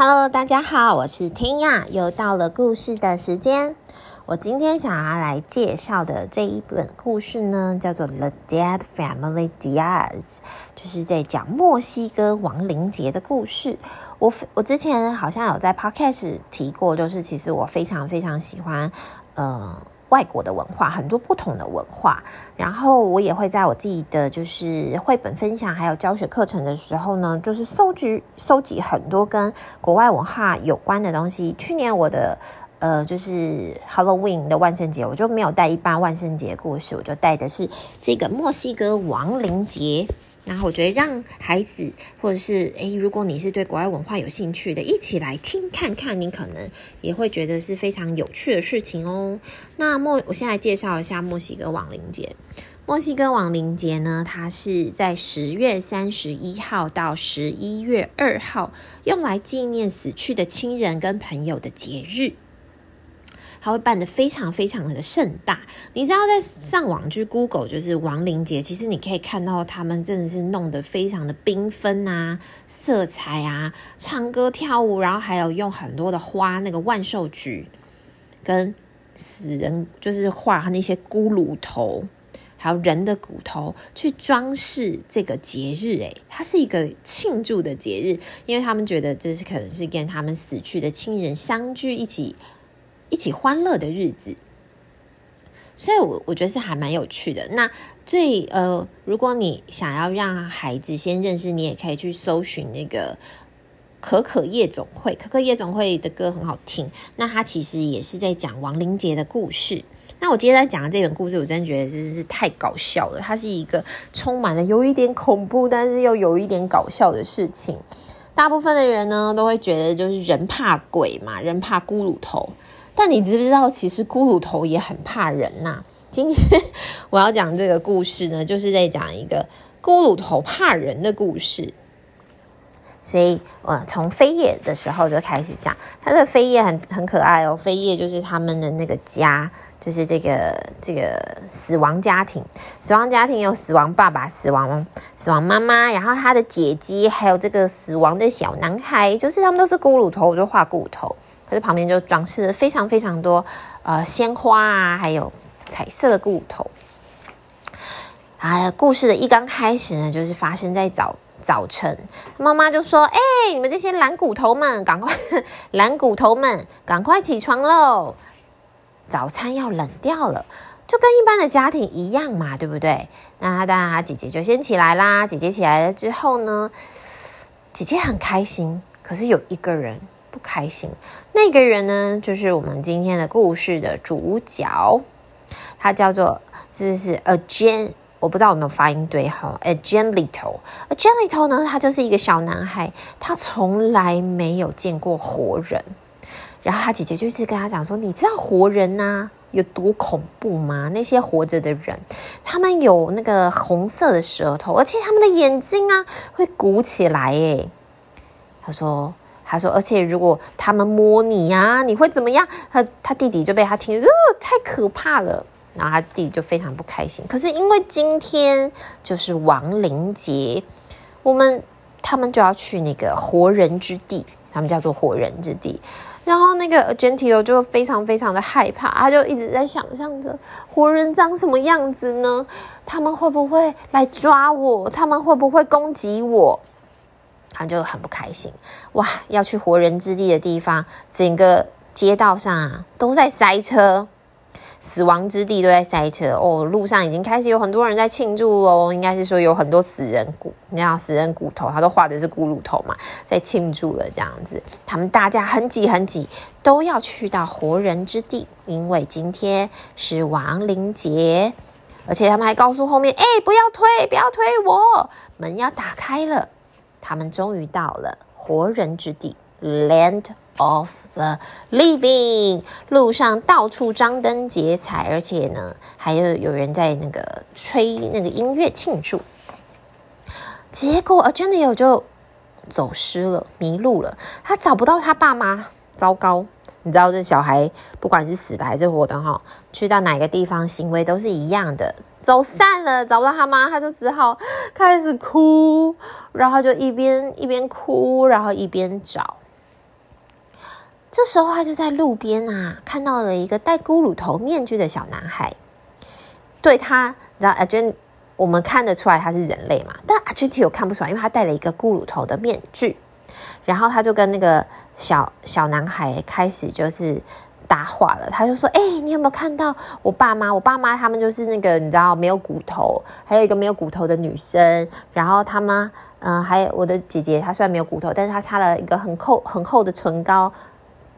Hello，大家好，我是彈雅，又到了故事的時間。我今天想要來介紹的這一本故事呢，叫做《The Dead Family Diaz》，就是在講墨西哥亡靈節的故事。我我之前好像有在 Podcast 提過，就是其實我非常非常喜歡，呃。外國的文化，很多不同的文化，然後我也會在我自己的就是繪本分享還有教學課程的時候呢，就是搜集、搜集很多跟國外文化有關的東西。去年我的呃就是 Halloween 的萬聖節，我就沒有帶一般萬聖節故事，我就帶的是這個墨西哥亡靈節。然後我覺得讓孩子，或者是誒，如果你是對國外文化有興趣的，一起來聽看看，你可能也會覺得是非常有趣的事情哦。那墨，我先來介紹一下墨西哥亡靈節。墨西哥亡靈節呢，它是在十月三十一號到十一月二號，用來紀念死去的親人跟朋友的節日。它會辦得非常非常的盛大，你知道，在上網去 Google 就是亡靈節，其實你可以看到他們真的是弄得非常的繽紛啊，色彩啊，唱歌跳舞，然後還有用很多的花，那個萬壽菊跟死人就是畫那些骷髏頭，還有人的骨頭去裝飾這個節日，哎，它是一個慶祝的節日，因為他們覺得這是可能是跟他們死去的親人相聚一起，一起歡樂的日子，所以我，我我覺得是還蠻有趣的。那最呃，如果你想要讓孩子先認識，你也可以去搜尋那個《可可夜總會》。《可可夜總會》的歌很好聽。那他其實也是在講亡靈節的故事。那我今天在講的這本故事，我真的覺得真是太搞笑了。它是一個充滿了有一點恐怖，但是又有一點搞笑的事情。大部分的人呢，都會覺得就是人怕鬼嘛，人怕骷髏頭。但你知不知道，其實骷髏頭也很怕人吶、啊。今天我要講這個故事呢，就是在講一個骷髏頭怕人的故事。所以我從扉頁的時候就開始講，它的扉頁很很可愛哦。扉頁就是他們的那個家，就是這個這個死亡家庭。死亡家庭有死亡爸爸、死亡死亡媽媽，然後他的姐姐，還有這個死亡的小男孩，就是他們都是骷髏頭，我就畫骷髏頭。他的旁邊就裝飾了非常非常多，呃，鮮花啊，還有彩色的骨頭。啊，故事的一剛開始呢，就是發生在早早晨，媽媽就說：“哎、欸，你們這些懶骨頭們，趕快，懶骨頭們，趕快起床嘍！早餐要冷掉了。”就跟一般的家庭一樣嘛，對不對？那當然，姐姐就先起來啦。姐姐起來了之後呢，姐姐很開心，可是有一個人。不開心，那個人呢？就是我們今天的故事的主角，他叫做這是 Angelito。Angelito, 我不知道我有沒有發音對哈 Angelito。Angelito 呢，他就是一個小男孩，他從來沒有見過活人。然後他姐姐就是跟他講說：“你知道活人呢、啊、有多恐怖嗎？那些活着的人，他們有那個紅色的舌頭，而且他們的眼睛啊會鼓起來。”哎，他說。他說，而且如果他們摸你呀、啊，你會怎麼樣？他他弟弟就被他聽，這、呃、太可怕了。然後他弟弟就非常不開心。可是因為今天就是亡靈節，我們他們就要去那個活人之地，他們叫做活人之地。然後那個 Angelito 就非常非常的害怕，他就一直在想象着活人長什麼樣子呢？他們會不會來抓我？他們會不會攻擊我？他就很不開心哇，要去活人之地的地方，整個街道上啊都在塞車，死亡之地都在塞車哦。路上已經開始有很多人在慶祝哦，應該是說有很多死人骨，那死人骨頭他都畫的是骷髏頭嘛，在慶祝了這樣子。他們大家很擠很擠，都要去到活人之地，因為今天是亡靈節，而且他們還告訴後面，哎，不要推，不要推我，門要打開了。他們終於到了活人之地，Land of the Living。路上到處張燈結綵，而且呢，還有有人在那個吹那個音樂慶祝。結果啊，Angelito 就走失了，迷路了。他找不到他爸媽，糟糕！你知道這小孩不管是死的還是活的哈、哦，去到哪個地方行為都是一樣的。走散了，找不到他媽，他就只好開始哭，然後就一邊一邊哭，然後一邊找。這時候他就在路邊啊，看到了一個戴骷髏頭面具的小男孩，對他，你知道 Angelito，我們看得出來他是人類嘛，但 Angelito 我看不出來，因為他戴了一個骷髏頭的面具。然後他就跟那個小小男孩開始就是。搭話了，他就說：“哎、欸，你有沒有看到我爸媽？我爸媽他們就是那個你知道沒有骨頭，還有一個沒有骨頭的女生。然後他們，嗯、呃，還有我的姐姐，她雖然沒有骨頭，但是她擦了一個很厚很厚的唇膏。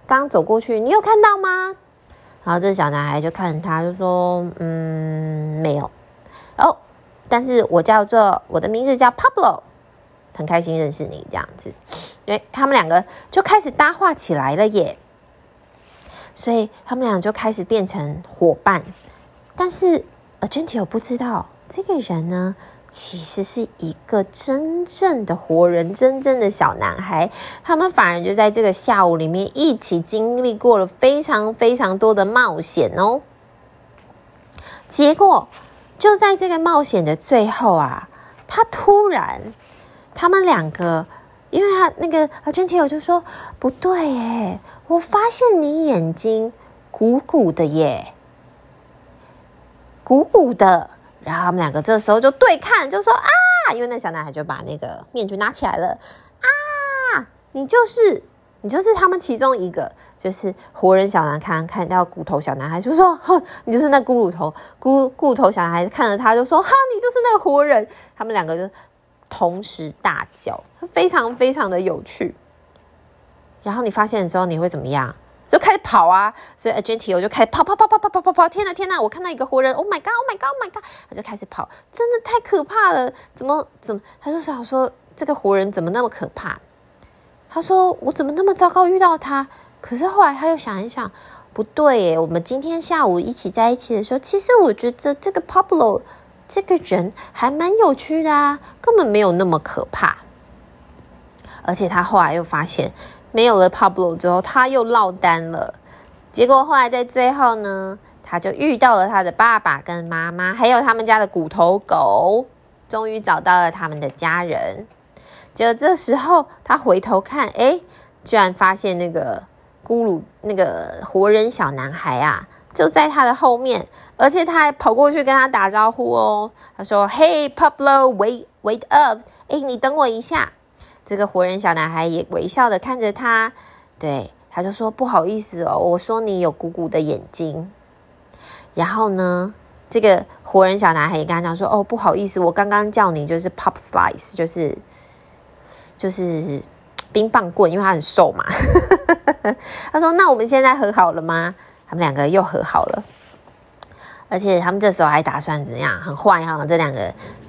剛走過去，你有看到嗎？然後這小男孩就看他就說：嗯，沒有。哦，但是我叫做我的名字叫 Pablo，很開心認識你這樣子。哎，他們兩個就開始搭話起來了耶。”所以他們倆就開始變成夥伴，但是啊，Angelito 不知道這個人呢，其實是一個真正的活人，真正的小男孩。他們反而就在這個下午裡面一起經歷過了非常非常多的冒險哦。結果就在這個冒險的最後啊，他突然，他們兩個，因為他那個 Angelito 就說不對耶。我發現你眼睛鼓鼓的耶，鼓鼓的。然後他們兩個這時候就對看，就說啊，因為那小男孩就把那個面具拿起來了啊，你就是你就是他們其中一個，就是活人。小男孩看，看到骨頭小男孩就說哼，你就是那骷髏頭，骨骨頭小男孩看着他就說哈，你就是那個活人。他們兩個就同時大叫，非常非常的有趣。然後你發現的時候，你會怎麼樣？就開始跑啊！所以 Angelito 我就開始跑跑跑跑跑跑跑跑！天吶天吶！我看到一個活人！Oh my god！Oh my god！Oh my god！他、oh、就開始跑，真的太可怕了！怎麼怎麼？他就想說，說這個活人怎麼那麼可怕？他說我怎麼那麼糟糕遇到他？可是後來他又想一想，不對誒，我們今天下午一起在一起的時候，其實我覺得這個 Pablo 這個人還蠻有趣的啊，根本沒有那麼可怕。而且他後來又發現。沒有了 Pablo 之後，他又落單了。結果後來在最後呢，他就遇到了他的爸爸跟媽媽，還有他們家的骨頭狗，終於找到了他們的家人。就這時候他回頭看，哎，居然發現那個咕嚕，那個活人小男孩啊，就在他的後面，而且他還跑過去跟他打招呼哦。他說：“Hey Pablo，wait wait up，哎，你等我一下。”這個活人小男孩也微笑的看着他，對他就說，不好意思哦，我說你有鼓鼓的眼睛。然後呢，這個活人小男孩也跟他講說，哦，不好意思，我剛剛叫你就是 popsicle，就是就是冰棒棍，因為他很瘦嘛。 他說，那我們現在和好了嗎？他們兩個又和好了。而且他們這時候還打算怎樣？很壞哈！這兩個，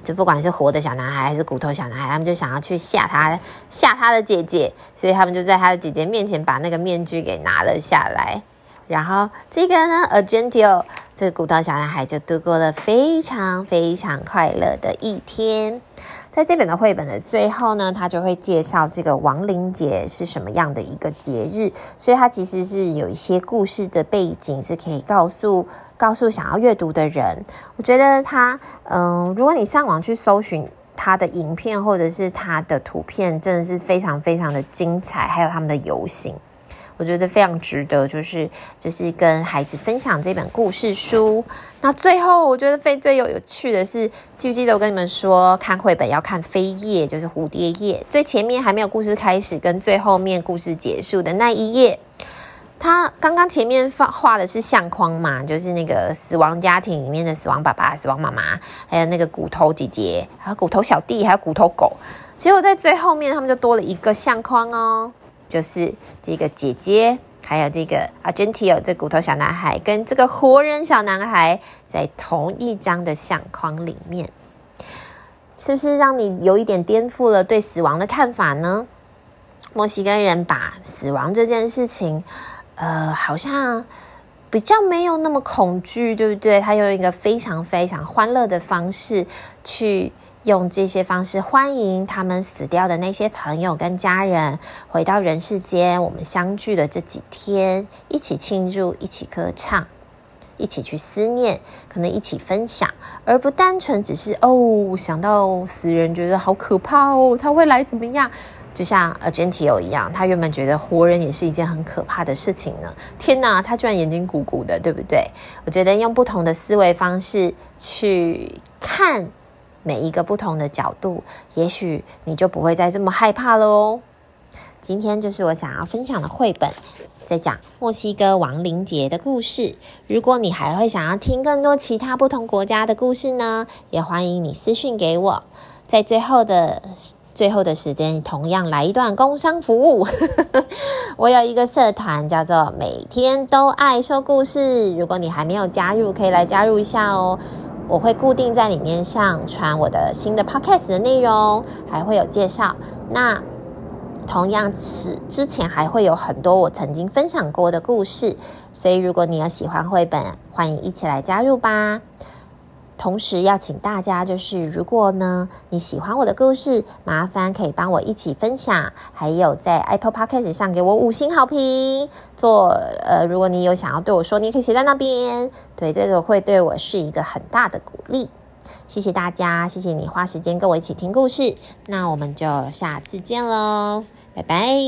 就不管是活的小男孩還是骨頭小男孩，他們就想要去嚇他，嚇他的姐姐。所以他們就在他的姐姐面前把那個面具給拿了下來。然後這個呢，Angelito，這個骨頭小男孩就度過了非常非常快樂的一天。在這本的繪本的最後呢，他就會介紹這個亡靈節是什麼樣的一個節日，所以它其實是有一些故事的背景是可以告訴告訴想要閱讀的人。我覺得他，嗯，如果你上網去搜尋他的影片或者是他的圖片，真的是非常非常的精彩，還有他們的遊行。我覺得非常值得，就是就是跟孩子分享這本故事書。那最後，我覺得最最有有趣的是，記不記得我跟你們說，看繪本要看扉頁，就是蝴蝶頁最前面還沒有故事開始，跟最後面故事結束的那一頁。他剛剛前面畫畫的是相框嘛，就是那個死亡家庭裡面的死亡爸爸、死亡媽媽，還有那個骨頭姐姐、還有骨頭小弟、還有骨頭狗。結果在最後面，他們就多了一個相框哦。就是這個姐姐，還有這個 Angelito 這骨頭小男孩跟這個活人小男孩在同一張的相框裡面，是不是讓你有一點顛覆了對死亡的看法呢？墨西哥人把死亡這件事情，呃，好像比較沒有那麼恐懼，對不對？他用一個非常非常歡樂的方式去。用這些方式歡迎他們死掉的那些朋友跟家人回到人世間。我們相聚的這幾天，一起慶祝，一起歌唱，一起去思念，可能一起分享，而不單純只是哦，想到死人覺得好可怕哦，他會來怎麼樣？就像 Angelito 一樣，他原本覺得活人也是一件很可怕的事情呢。天哪，他居然眼睛鼓鼓的，對不對？我覺得用不同的思維方式去看。每一個不同的角度，也許你就不會再這麼害怕咯。今天就是我想要分享的繪本，在講墨西哥亡靈節的故事。如果你還會想要聽更多其他不同國家的故事呢，也歡迎你私訊給我。在最後的最後的時間，同樣來一段工商服務。 我有一個社團叫做“每天都愛說故事”，如果你還沒有加入，可以來加入一下哦。我會固定在裡面上傳我的新的 podcast 的內容，還會有介紹。那同樣是之前還會有很多我曾經分享過的故事，所以如果你有喜歡繪本，歡迎一起來加入吧。同時要請大家，就是如果呢，你喜歡我的故事，麻煩可以幫我一起分享，還有在 Apple Podcast 上給我五星好評。做呃，如果你有想要對我說，你也可以寫在那邊，對，這個會對我是一個很大的鼓勵。謝謝大家，謝謝你花時間跟我一起聽故事，那我們就下次見嘍，拜拜。